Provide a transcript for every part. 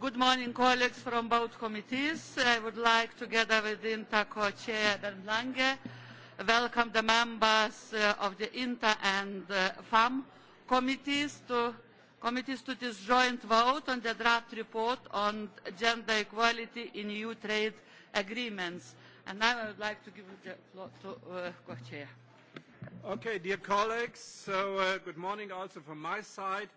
Good morning, colleagues from both committees. I would like, together with INTA co-chair Bernd Lange, welcome the members uh, of the INTA and uh, FAM committees to, committees to this joint vote on the draft report on gender equality in EU trade agreements. And now I would like to give the floor to uh, co-chair. Okay, dear colleagues, so uh, good morning also from my side.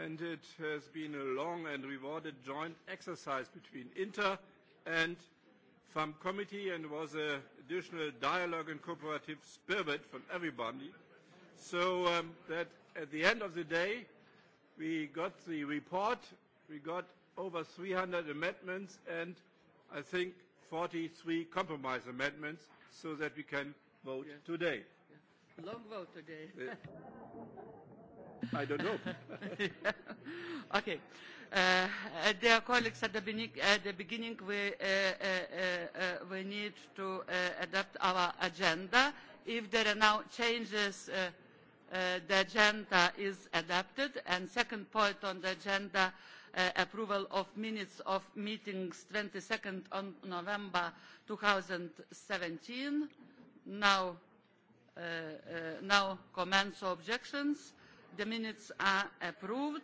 And it has been a long and rewarded joint exercise between Inter and FAM Committee and was an additional dialogue and cooperative spirit from everybody. So um, that at the end of the day, we got the report, we got over 300 amendments and I think 43 compromise amendments so that we can vote yes. today. Long vote today. Eh, I don't know. okay. Uh, uh, dear colleagues, at the, beginning, at the beginning we, uh, uh, uh, uh, we need to uh, adapt our agenda. If there are now changes, uh, uh, the agenda is adapted. And second point on the agenda, uh, approval of minutes of meetings 22nd on November 2017. Now uh, uh, no comments or objections. The minutes are approved.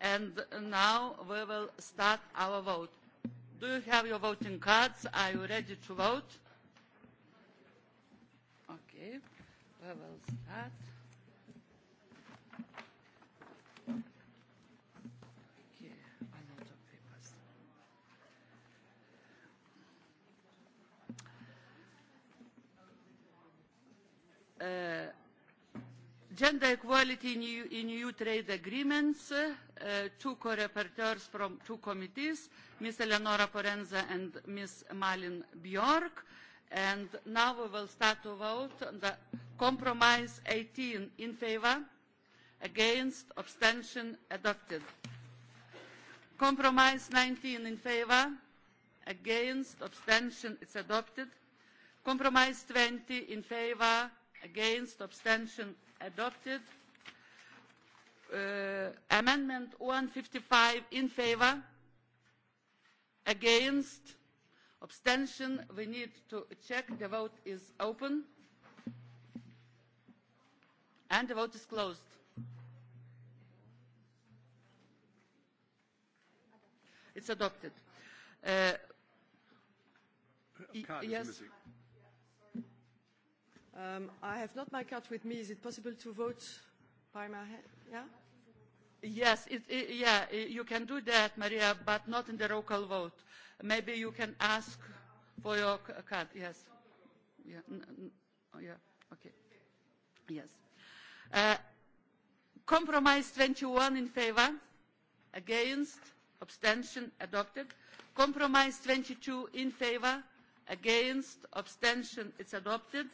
And now we will start our vote. Do you have your voting cards? Are you ready to vote? Okay, we will start. Uh, gender equality in EU, in EU trade agreements, uh, two co-rapporteurs from two committees, Ms. Eleonora Forenza and Ms. Malin Bjork. And now we will start to vote on the compromise 18 in favor, against, abstention, adopted. Compromise 19 in favor, against, abstention, it's adopted. Compromise 20 in favor, against abstention adopted uh, amendment 155 in favor against abstention we need to check the vote is open and the vote is closed it's adopted uh, yes Um, I have not my card with me. Is it possible to vote by my hand? Yeah? Yes, it, it, yeah, you can do that, Maria, but not in the roll call vote. Maybe you can ask for your card. Yes. Yeah, oh, yeah okay. Yes. Uh, compromise 21 in favor, against, abstention adopted. Compromise 22 in favor, against, abstention, it's adopted.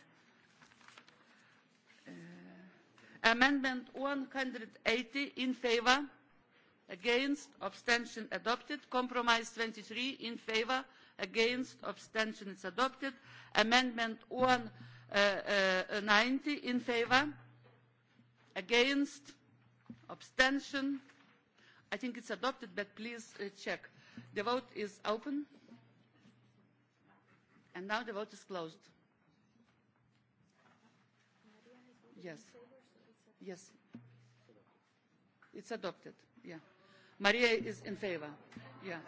Amendment 180 in favor, against, abstention adopted. Compromise 23 in favor, against, abstention is adopted. Amendment 190 uh, uh, in favor, against, abstention. I think it's adopted, but please uh, check. The vote is open. And now the vote is closed. Yes. Yes. It's adopted. Yeah. Maria is in favor. Yeah.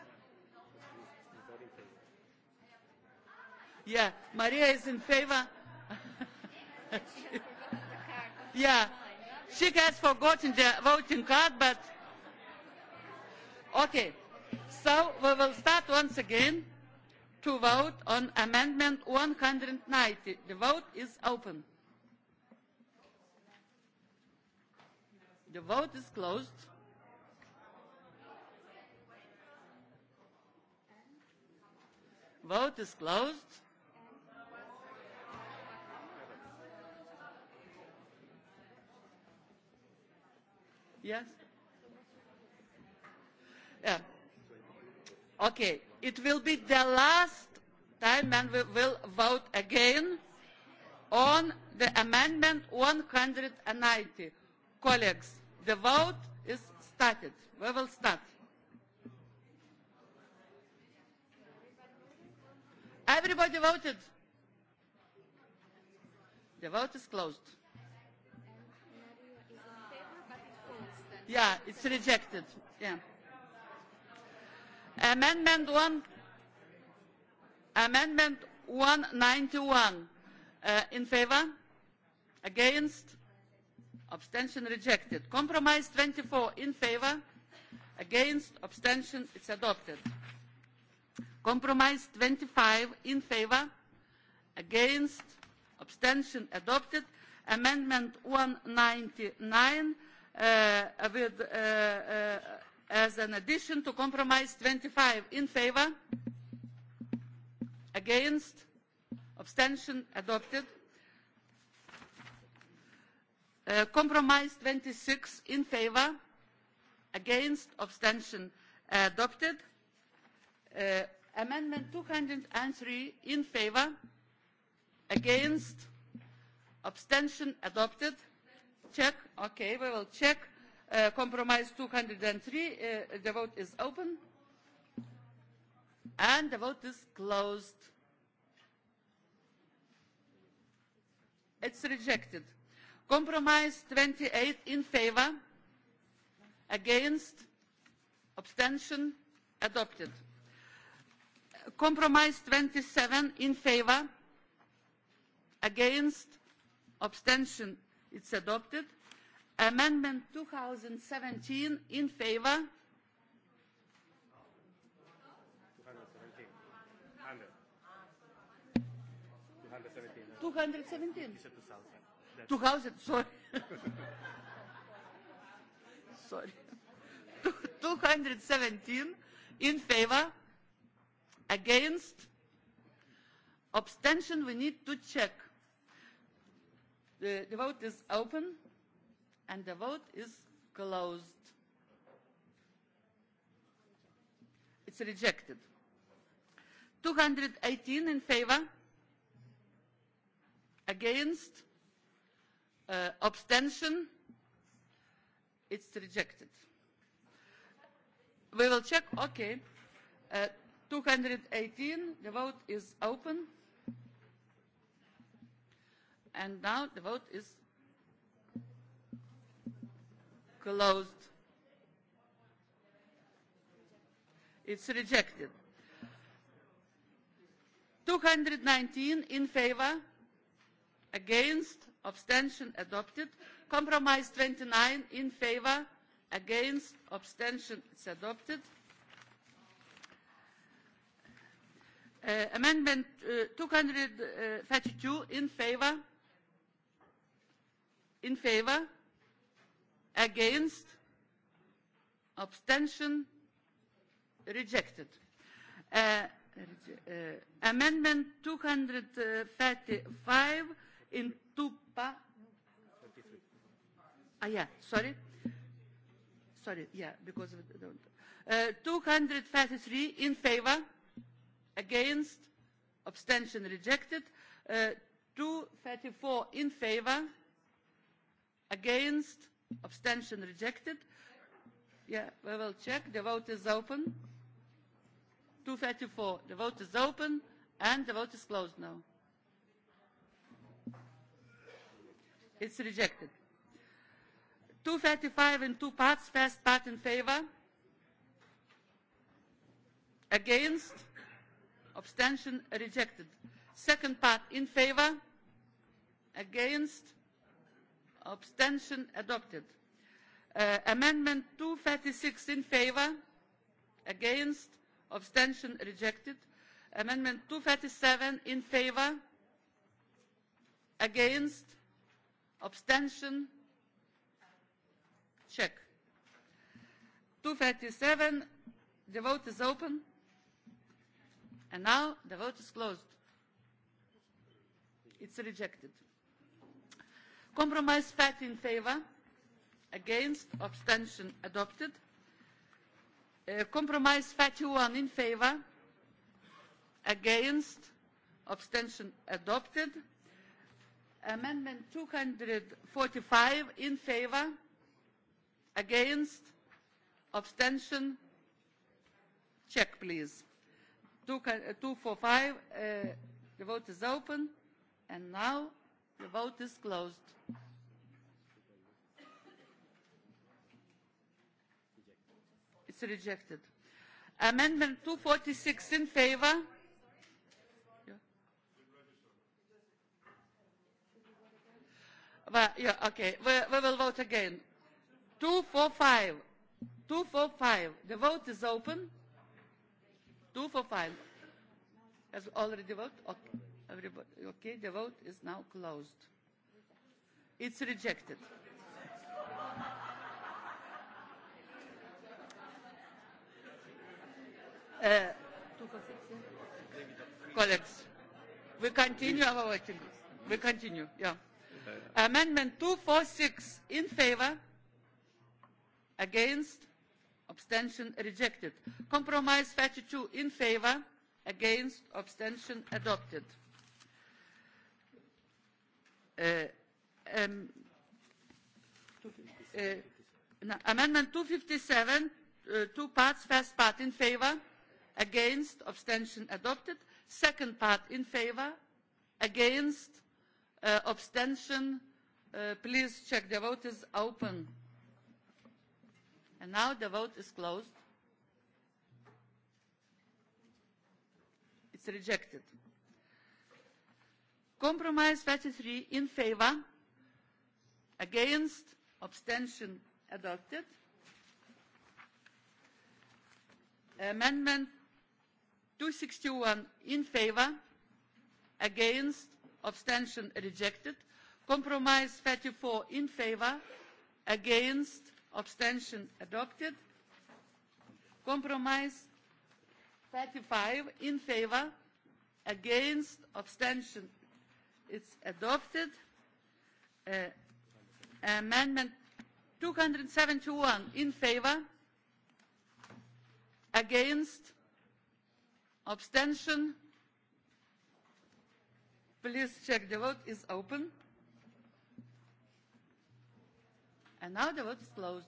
Yeah. Maria is in favor. yeah. She has forgotten the voting card, but okay. So we will start once again to vote on amendment 190. The vote is open. The vote is closed. Vote is closed. Yes? Yeah. Okay. It will be the last time and we will vote again on the amendment 190. Colleagues, The vote is started. We will start. Everybody voted. The vote is closed. Yeah, it's rejected. Yeah. Amendment 1. Amendment 191. Uh, in favor? Against? abstention rejected compromise 24 in favor against abstention it's adopted compromise 25 in favor against abstention adopted amendment 199 uh, with, uh, uh, as an addition to compromise 25 in favor against abstention adopted Uh, compromise 26 in favor, against, abstention adopted. Uh, amendment 203 in favor, against, abstention adopted. Check. Okay, we will check. Uh, compromise 203. Uh, the vote is open. And the vote is closed. It's rejected. Compromise 28 in favor, against, abstention, adopted. Compromise 27 in favor, against, abstention, it's adopted. Amendment 2017 in favour, Two hundred seventeen. 2000, sorry. sorry. 217 in favor, against, abstention, we need to check. The, the vote is open and the vote is closed. It's rejected. 218 in favor, against, Uh, abstention? It's rejected. We will check. Okay. Uh, 218. The vote is open. And now the vote is closed. It's rejected. 219 in favor, against, abstention adopted compromise 29 in favor against abstention is adopted uh, amendment uh, 232 in favor in favor against abstention rejected uh, uh, amendment 235 in two pas ah, yeah, sorry. Sorry, yeah, because of the, uh, 233 in favor, against, abstention rejected. Uh, 234 in favor, against, abstention rejected. Yeah, we will check. The vote is open. 234. The vote is open and the vote is closed now. It's rejected. 235 in two parts, first part in favor, against, abstention rejected. Second part in favor, against, abstention adopted. Uh, amendment 236 in favor, against, abstention rejected. Amendment 237 in favor, against, abstention check 237 the vote is open and now the vote is closed it's rejected compromise fact in favor against abstention adopted uh, compromise fatty one in favor against abstention adopted Amendment 245 in favor, against, abstention, check please. 245, uh, the vote is open and now the vote is closed. It's rejected. Amendment 246 in favor, Well, yeah, okay. We, we will vote again. Two, Two, four, five. four, five. The vote is open. Two, four, five. Has already voted? Okay. Everybody, okay, the vote is now closed. It's rejected. Uh, colleagues, we continue our voting. We continue, yeah. Amendment 246 in favor, against, abstention rejected. Compromise 32 in favor, against, abstention adopted. Uh, um, uh, no, amendment 257, uh, two parts, first part in favor, against, abstention adopted. Second part in favor, against, Uh, abstention. Uh, please check. The vote is open. And now the vote is closed. It's rejected. Compromise 33 in favor, against, abstention adopted. Amendment 261 in favor, against, abstention rejected compromise thirty four in favour against abstention adopted compromise thirty five in favour against abstention it's adopted uh, amendment two hundred seventy one in favour against abstention Please check. The vote is open. And now the vote is closed.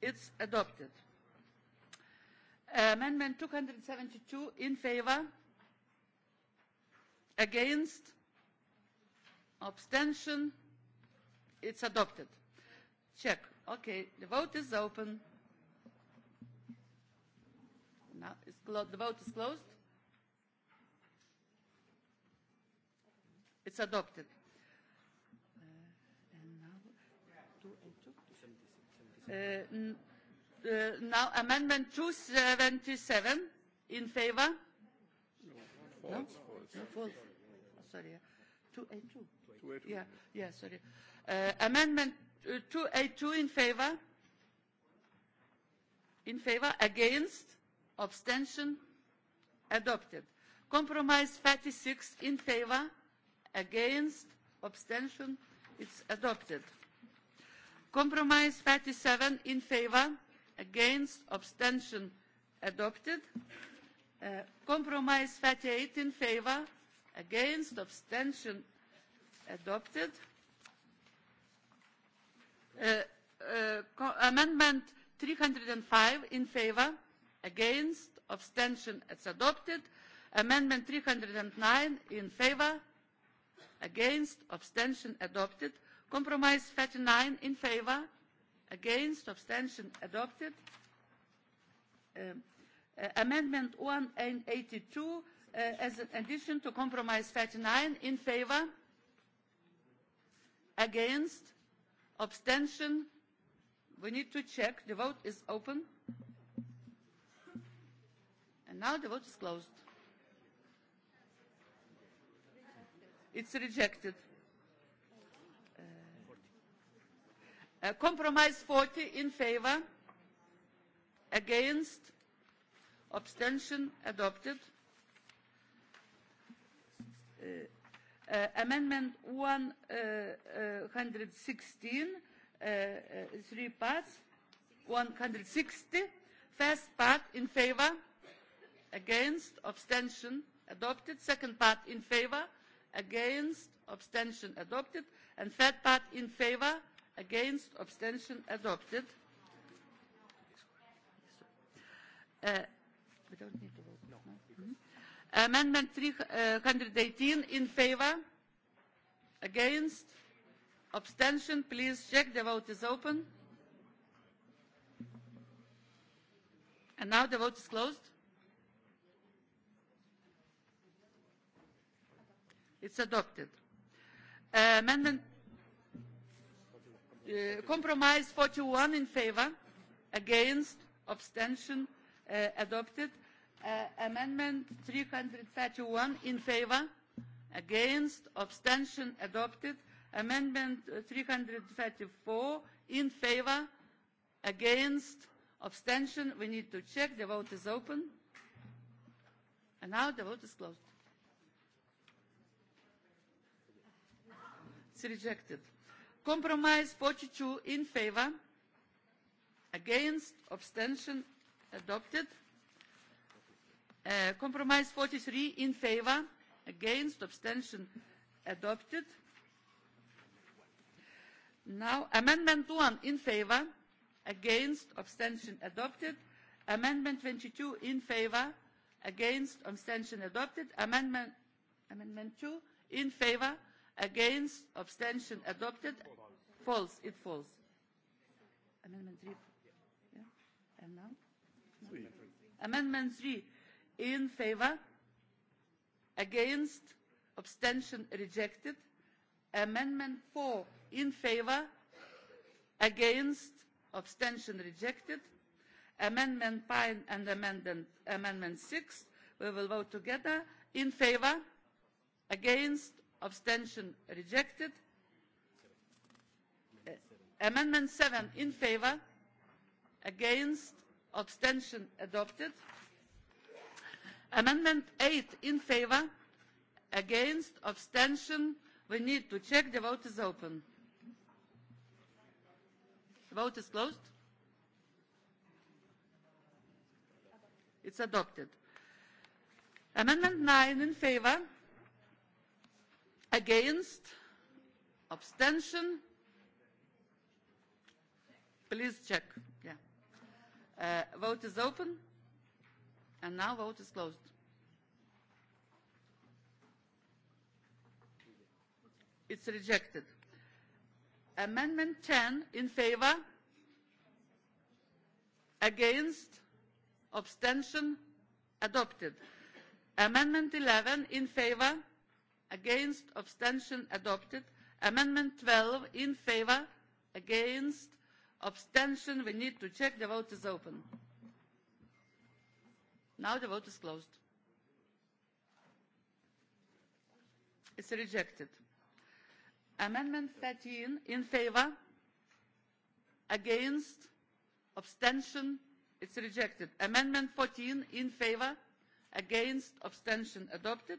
It's adopted. Amendment 272 in favor, against, abstention. It's adopted. Check. Okay, the vote is open. The vote is closed. It's adopted. Uh, uh, uh, now amendment 277 in favor? No? False. No? False. False. sorry. 282. 282. Yeah, yeah, sorry. Uh, amendment uh, 282 in favor? In favor? Against? abstention adopted compromise 36 in favor against abstention it's adopted compromise 37 in favor against abstention adopted uh, compromise 38 in favor against abstention adopted uh, uh, amendment 305 in favor against abstention it's adopted amendment 309 in favor against abstention adopted compromise 39 in favor against abstention adopted um, uh, amendment 182 uh, as an addition to compromise 39 in favor against abstention we need to check the vote is open And now the vote is closed. It's rejected. Uh, uh, compromise 40 in favor, against, abstention adopted. Uh, uh, amendment 116, uh uh, uh, uh, three parts, 160, first part in favor, against abstention adopted second part in favour against abstention adopted and third part in favour against abstention adopted uh, we don't need to vote no. Mm -hmm. amendment 318 in favour against abstention please check the vote is open and now the vote is closed It's adopted. Uh, amendment uh, compromise 41 in favor, against, abstention, uh, adopted. Uh, amendment 331 in favor, against, abstention, adopted. Amendment 334 in favor, against, abstention. We need to check. The vote is open. And now the vote is closed. it's rejected. Compromise 42 in favor, against, abstention, adopted. Uh, compromise 43 in favor, against, abstention, adopted. Now, amendment 1 in favor, against, abstention, adopted. Amendment 22 in favor, against, abstention, adopted. Amendment, amendment 2 in favor, against abstention adopted false it falls amendment 3 yeah. and now three. amendment 3 in favor against abstention rejected amendment 4 in favor against abstention rejected amendment 5 and amendment, amendment 6 we will vote together in favor against abstention rejected uh, amendment seven in favour against abstention adopted amendment eight in favour against abstention we need to check the vote is open the vote is closed it's adopted amendment nine in favour against abstention please check yeah uh, vote is open and now vote is closed it's rejected amendment 10 in favor against abstention adopted amendment 11 in favor against abstention adopted amendment 12 in favor against abstention we need to check the vote is open now the vote is closed it's rejected amendment 13 in favor against abstention it's rejected amendment 14 in favor against abstention adopted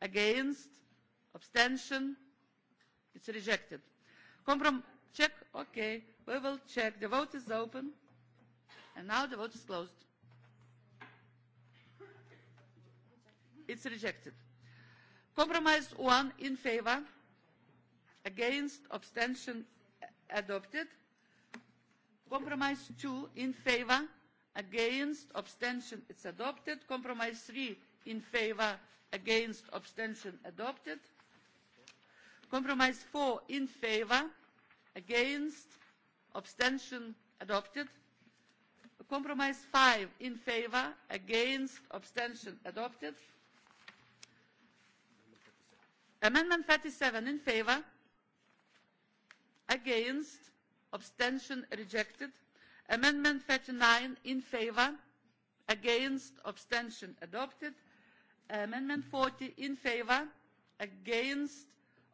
against abstention it's rejected comprom check okay we will check the vote is open and now the vote is closed it's rejected compromise one in favor against abstention adopted compromise two in favor against abstention it's adopted compromise three in favor against abstention adopted compromise four in favor against abstention adopted compromise five in favor against abstention adopted amendment 37 in favor against abstention rejected amendment 39 in favor against abstention adopted amendment forty in favour against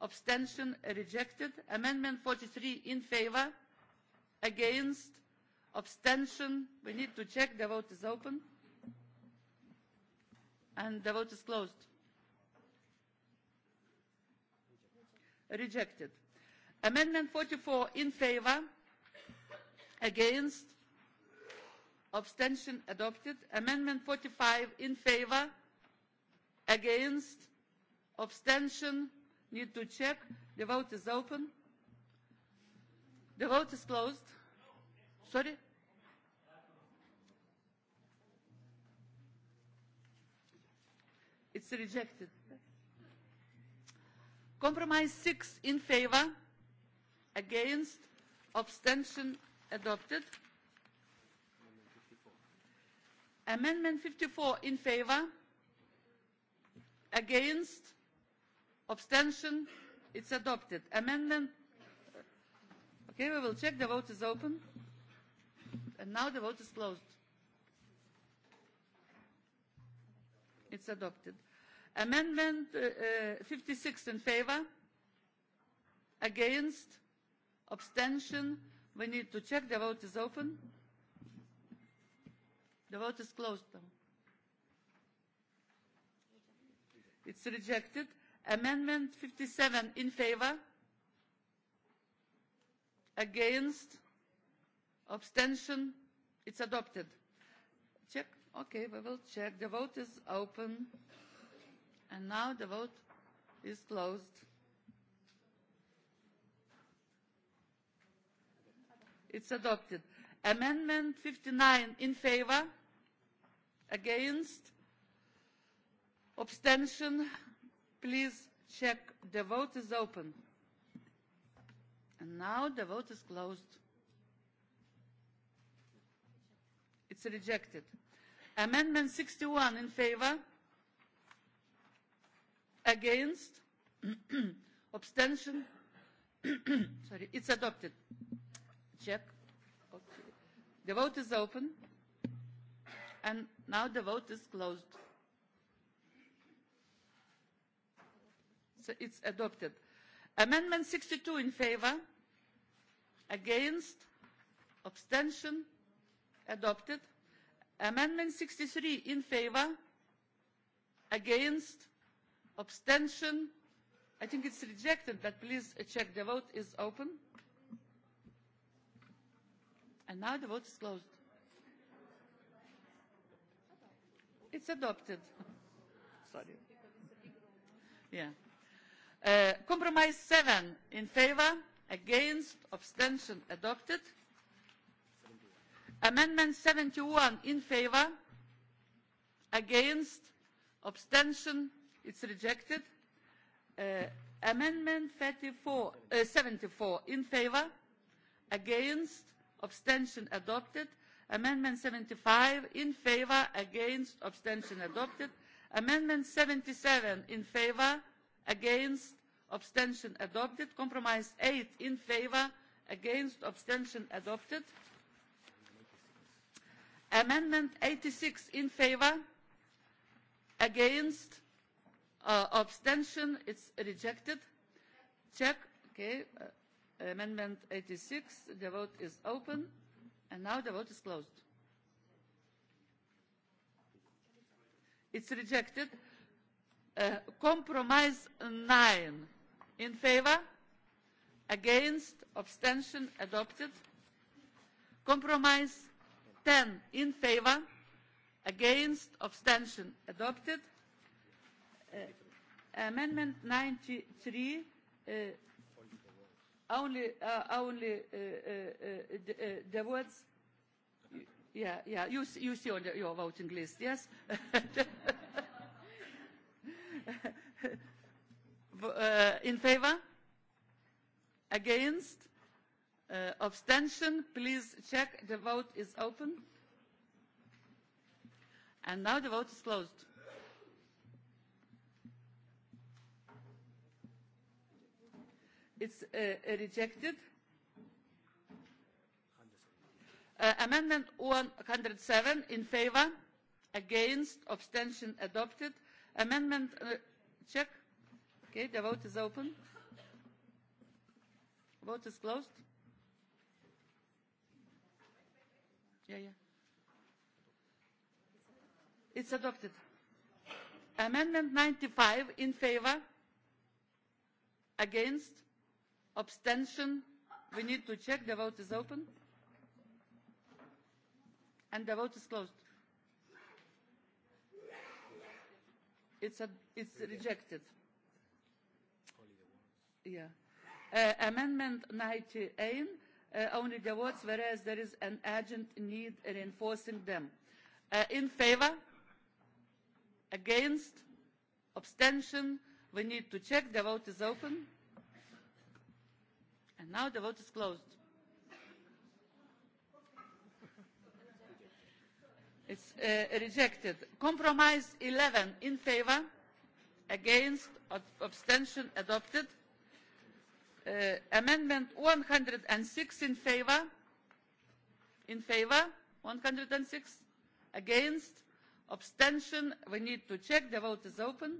abstention rejected amendment forty three in favour against abstention we need to check the vote is open and the vote is closed rejected amendment forty four in favour against abstention adopted amendment forty five in favour against abstention need to check the vote is open the vote is closed sorry it's rejected compromise six in favor against abstention adopted amendment fifty four in favor against abstention it's adopted amendment okay we will check the vote is open and now the vote is closed it's adopted amendment uh, uh, 56 in favor against abstention we need to check the vote is open the vote is closed now It's rejected. Amendment 57 in favor. Against. Abstention. It's adopted. Check. Okay, we will check. The vote is open. And now the vote is closed. It's adopted. Amendment 59 in favor. Against abstention please check the vote is open and now the vote is closed it's rejected amendment 61 in favor against abstention sorry it's adopted check okay. the vote is open and now the vote is closed it's adopted. amendment sixty two in favour against abstention adopted. amendment sixty three in favour against abstention i think it's rejected but please check the vote is open and now the vote is closed it's adopted sorry yeah Uh, compromise seven in favour against abstention adopted amendment seventy one in favour against abstention it's rejected uh, amendment thirty four uh, seventy four in favour against abstention adopted amendment seventy five in favour against abstention adopted amendment seventy seven in favour against abstention adopted compromise eight in favour against abstention adopted amendment eighty six in favour against uh, abstention it's rejected check okay uh, amendment eighty six the vote is open and now the vote is closed it's rejected uh, compromise nine in favour against abstention adopted compromise 10 in favour against abstention adopted uh, amendment 93 uh, only uh, only uh, uh, uh, the, uh, the words yeah yeah you see, you see on the, your voting list yes Uh, in favor? Against? Uh, abstention? Please check. The vote is open. And now the vote is closed. It's uh, rejected. Uh, amendment 107 in favor, against, abstention adopted. Amendment, uh, check, Okay, the vote is open. Vote is closed. Yeah, yeah. It's adopted. Amendment 95 in favor, against, abstention. We need to check. The vote is open. And the vote is closed. It's, a, it's rejected yeah. Uh, amendment 98 uh, only the words whereas there is an urgent need reinforcing them. Uh, in favor? Against? Abstention? We need to check. The vote is open. And now the vote is closed. It's uh, rejected. Compromise 11 in favor, against, ab abstention adopted Uh, amendment one hundred and six in favour in favour one hundred and six against abstention we need to check the vote is open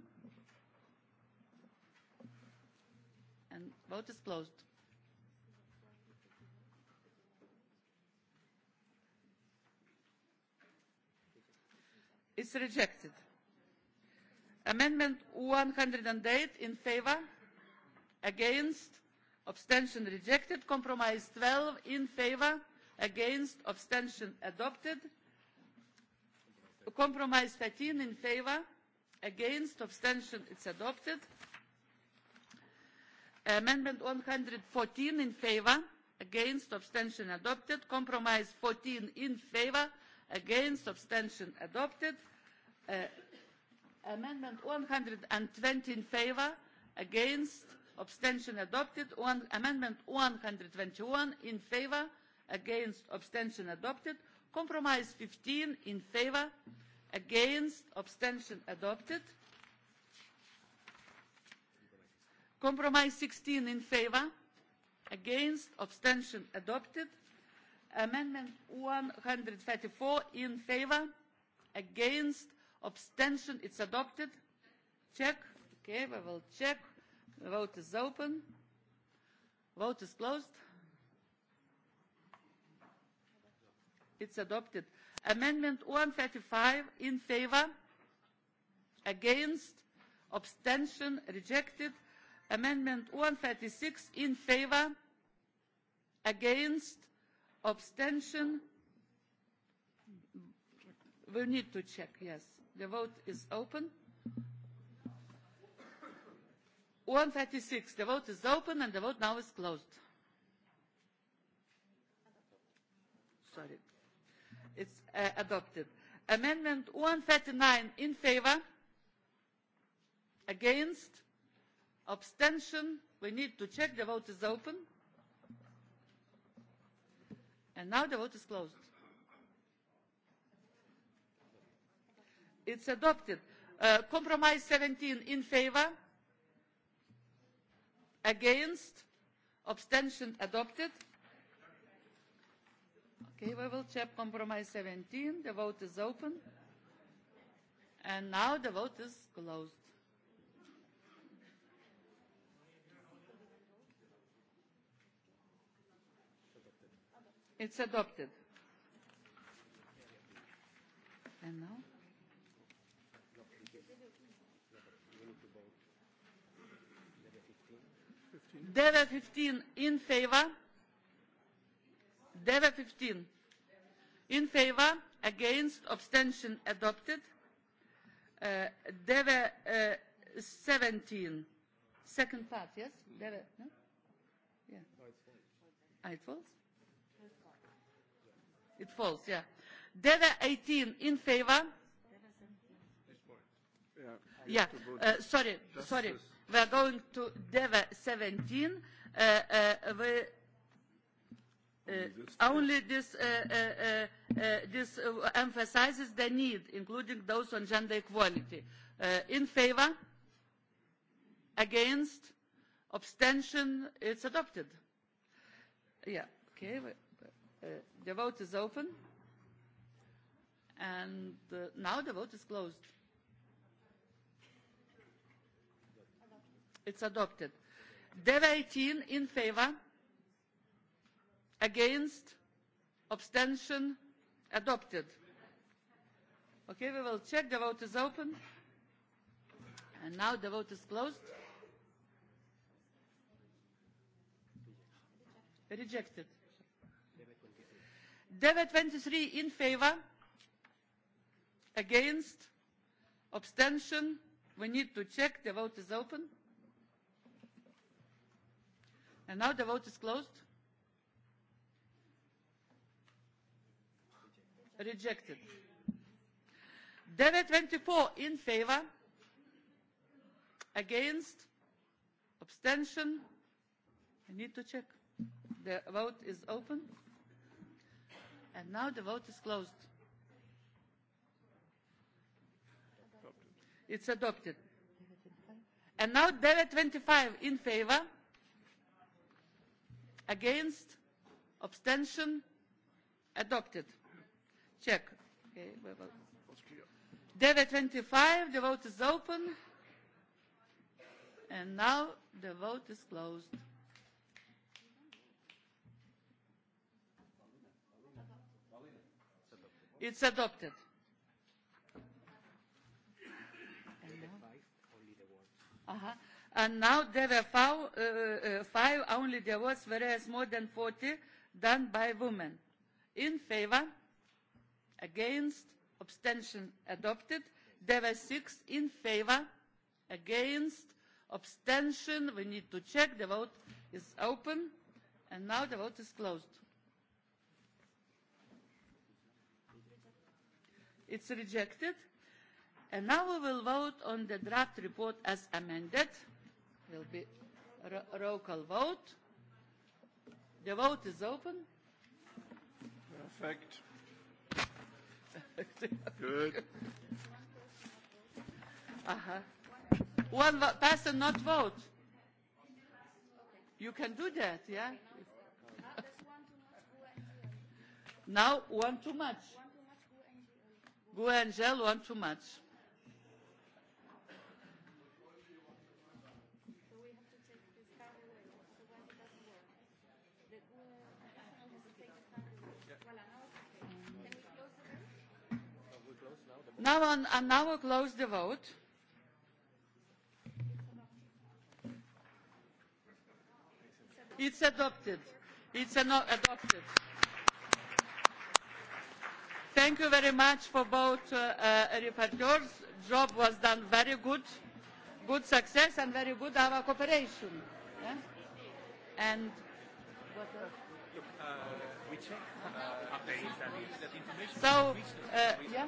and vote is closed it's rejected amendment one hundred and eight in favour against abstention rejected compromise twelve in favour against abstention adopted compromise thirteen in favour against abstention it's adopted amendment one hundred and fourteen in favour against abstention adopted compromise fourteen in favour against abstention adopted uh, amendment one hundred and twenty in favour against abstention adopted one amendment one hundred and twenty one in favour against abstention adopted compromise fifteen in favour against abstention adopted compromise sixteen in favour against abstention adopted amendment one hundred and thirty four in favour against abstention it's adopted check okay we will check vote is open vote is closed it's adopted amendment 135 in favour against abstention rejected amendment 136 in favour against abstention we need to check yes the vote is open 136. The vote is open and the vote now is closed. Sorry. It's uh, adopted. Amendment 139 in favor. Against. Abstention. We need to check. The vote is open. And now the vote is closed. It's adopted. Uh, compromise 17 in favor against abstention adopted okay we will check compromise 17 the vote is open and now the vote is closed it's adopted and now Deve 15 in favor. Deve 15 in favor, against, abstention adopted. Uh, Deve uh, 17, second part, yes? Deve, no? Yeah. No, it falls. Ah, it falls? It falls, yeah. Deve 18 in favor. Yeah, yeah. Uh, sorry, Justice. sorry. We are going to DEVA 17. Uh, uh, we, uh, only this, uh, uh, uh, uh, this uh, emphasizes the need, including those on gender equality. Uh, in favor? Against? Abstention? It's adopted. Yeah, okay. Uh, the vote is open. And uh, now the vote is closed. It's adopted. Dev 18 in favor. Against. Abstention. Adopted. Okay, we will check. The vote is open. And now the vote is closed. Rejected. Dev 23 in favor. Against. Abstention. We need to check. The vote is open. And now the vote is closed. Rejected. 924 in favor. Against. Abstention. I need to check. The vote is open. And now the vote is closed. It's adopted. And now there are 25 in favor, against abstention adopted check okay we will 25 the vote is open and now the vote is closed it's adopted uh -huh and now there were five, uh, uh, uh five only divorces, whereas more than 40 done by women. In favor, against, abstention adopted. There were six in favor, against, abstention. We need to check. The vote is open. And now the vote is closed. It's rejected. And now we will vote on the draft report as amended will be a roll call vote. The vote is open. Perfect. Good. Uh-huh. One person not vote. You can do that, yeah? now one too much. Go Angel, one too much. Now on, I now will close the vote. It's adopted. It's an adopted. Thank you very much for both uh, uh, reporters. Job was done very good, good success and very good our cooperation. Yeah? And what else? Look, uh, So, uh, yeah.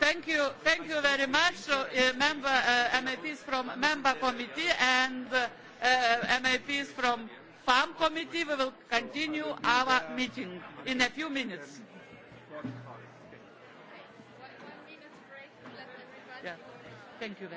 thank you, thank you very much, so, uh, member uh, MEPs from member committee and uh, uh, MEPs from farm committee. We will continue our meeting in a few minutes. Yeah. Thank you. Very